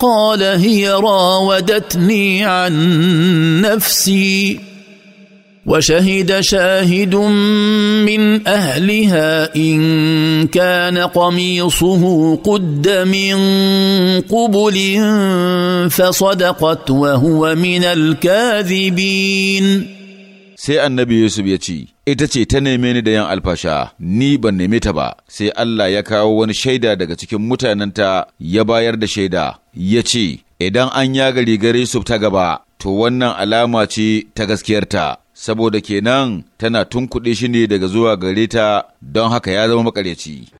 قال هي راودتني عن نفسي وشهد شاهد من اهلها ان كان قميصه قد من قبل فصدقت وهو من الكاذبين sai annabi Yusuf ya ce, Ita ce ta neme ni da yan alfasha, ni ban neme ta ba, sai Allah ya kawo wani shaida daga cikin mutanenta ya bayar da shaida, ya ce, Idan an yaga rigar Yusuf ta gaba, to wannan alama ce ta gaskiyarta, saboda kenan tana tunkuɗe shi ne daga zuwa gare ta don haka ya zama makaryaci.